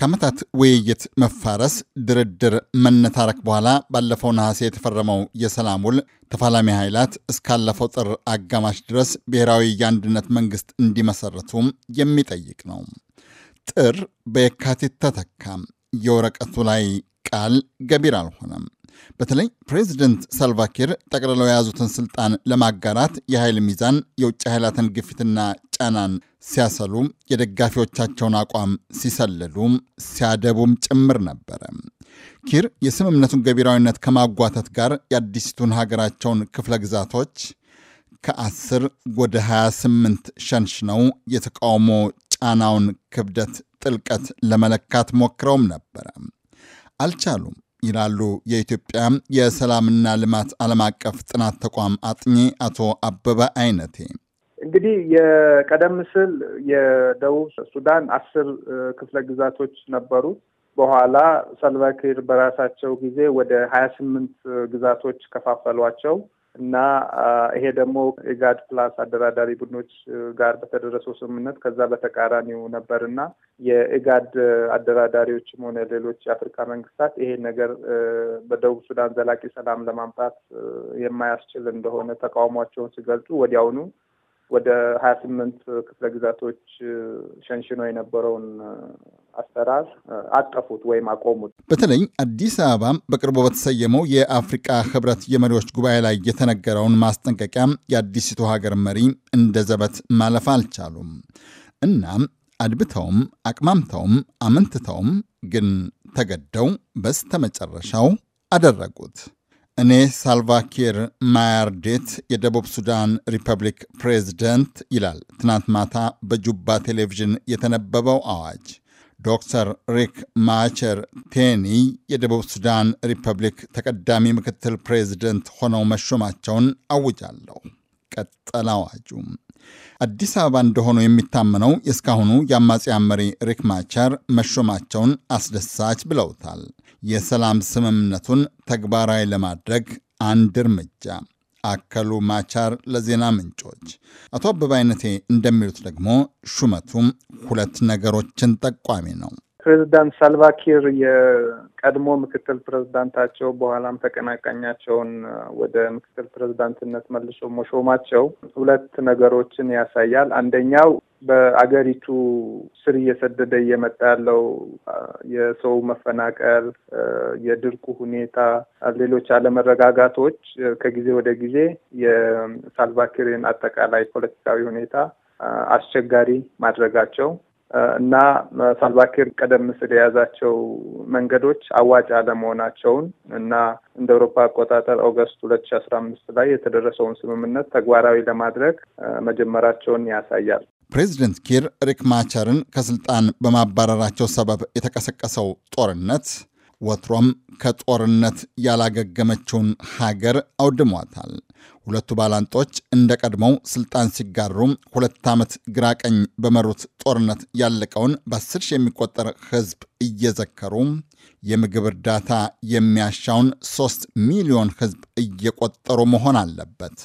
ከዓመታት ውይይት መፋረስ፣ ድርድር፣ መነታረክ በኋላ ባለፈው ነሐሴ የተፈረመው የሰላም ውል ተፋላሚ ኃይላት እስካለፈው ጥር አጋማሽ ድረስ ብሔራዊ የአንድነት መንግሥት እንዲመሠረቱም የሚጠይቅ ነው። ጥር በየካቲት ተተካ። የወረቀቱ ላይ ቃል ገቢር አልሆነም። በተለይ ፕሬዚደንት ሳልቫኪር ጠቅልለው የያዙትን ስልጣን ለማጋራት የኃይል ሚዛን የውጭ ኃይላትን ግፊትና ጫናን ሲያሰሉ፣ የደጋፊዎቻቸውን አቋም ሲሰልሉ፣ ሲያደቡም ጭምር ነበረ። ኪር የስምምነቱን ገቢራዊነት ከማጓተት ጋር የአዲስቱን ሀገራቸውን ክፍለ ግዛቶች ከ ወደ 28 ሸንሽነው የተቃውሞ ጫናውን ክብደት ጥልቀት ለመለካት ሞክረውም ነበረ። አልቻሉም ይላሉ የኢትዮጵያ የሰላምና ልማት ዓለም አቀፍ ጥናት ተቋም አጥኚ አቶ አበበ አይነቴ። እንግዲህ የቀደም ስል የደቡብ ሱዳን አስር ክፍለ ግዛቶች ነበሩ። በኋላ ሰልቫኪር በራሳቸው ጊዜ ወደ ሀያ ስምንት ግዛቶች ከፋፈሏቸው እና ይሄ ደግሞ ኢጋድ ፕላስ አደራዳሪ ቡድኖች ጋር በተደረሰው ስምምነት ከዛ በተቃራኒው ነበር እና የኢጋድ አደራዳሪዎችም ሆነ ሌሎች የአፍሪካ መንግስታት ይሄ ነገር በደቡብ ሱዳን ዘላቂ ሰላም ለማምጣት የማያስችል እንደሆነ ተቃውሟቸውን ሲገልጹ ወዲያውኑ ወደ ሀያ ስምንት ክፍለ ግዛቶች ሸንሽኖ የነበረውን አሰራር አጠፉት ወይም አቆሙት። በተለይ አዲስ አበባ በቅርቡ በተሰየመው የአፍሪቃ ህብረት የመሪዎች ጉባኤ ላይ የተነገረውን ማስጠንቀቂያ የአዲሲቱ ሀገር መሪ እንደ ዘበት ማለፍ አልቻሉም። እናም አድብተውም አቅማምተውም አመንትተውም ግን ተገደው በስተመጨረሻው አደረጉት። እኔ ሳልቫኪር ማያርዴት የደቡብ ሱዳን ሪፐብሊክ ፕሬዝደንት ይላል ትናንት ማታ በጁባ ቴሌቪዥን የተነበበው አዋጅ። ዶክተር ሪክ ማቸር ቴኒ የደቡብ ሱዳን ሪፐብሊክ ተቀዳሚ ምክትል ፕሬዝደንት ሆነው መሾማቸውን አውጃለሁ። ቀጠለ አዋጁ። አዲስ አበባ እንደሆኑ የሚታመነው የእስካሁኑ የአማጽያን መሪ ሪክ ማቻር መሾማቸውን አስደሳች ብለውታል። የሰላም ስምምነቱን ተግባራዊ ለማድረግ አንድ እርምጃ አከሉ ማቻር ለዜና ምንጮች። አቶ አበባይነቴ እንደሚሉት ደግሞ ሹመቱም ሁለት ነገሮችን ጠቋሚ ነው። ፕሬዚዳንት ሳልቫኪር የቀድሞ ምክትል ፕሬዚዳንታቸው በኋላም ተቀናቃኛቸውን ወደ ምክትል ፕሬዚዳንትነት መልሶ መሾማቸው ሁለት ነገሮችን ያሳያል። አንደኛው በአገሪቱ ስር እየሰደደ እየመጣ ያለው የሰው መፈናቀል፣ የድርቁ ሁኔታ፣ ሌሎች አለመረጋጋቶች ከጊዜ ወደ ጊዜ የሳልቫኪርን አጠቃላይ ፖለቲካዊ ሁኔታ አስቸጋሪ ማድረጋቸው እና ሳልቫኪር ቀደም ሲል የያዛቸው መንገዶች አዋጭ አለመሆናቸውን እና እንደ አውሮፓ አቆጣጠር ኦገስት ሁለት ሺ አስራ አምስት ላይ የተደረሰውን ስምምነት ተግባራዊ ለማድረግ መጀመራቸውን ያሳያል። ፕሬዚደንት ኪር ሪክ ማቸርን ከስልጣን በማባረራቸው ሰበብ የተቀሰቀሰው ጦርነት ወትሮም ከጦርነት ያላገገመችውን ሀገር አውድሟታል። ሁለቱ ባላንጦች እንደ ቀድሞው ስልጣን ሲጋሩ ሁለት ዓመት ግራ ቀኝ በመሩት ጦርነት ያለቀውን በአስር ሺህ የሚቆጠር ህዝብ እየዘከሩ የምግብ እርዳታ የሚያሻውን ሶስት ሚሊዮን ህዝብ እየቆጠሩ መሆን አለበት።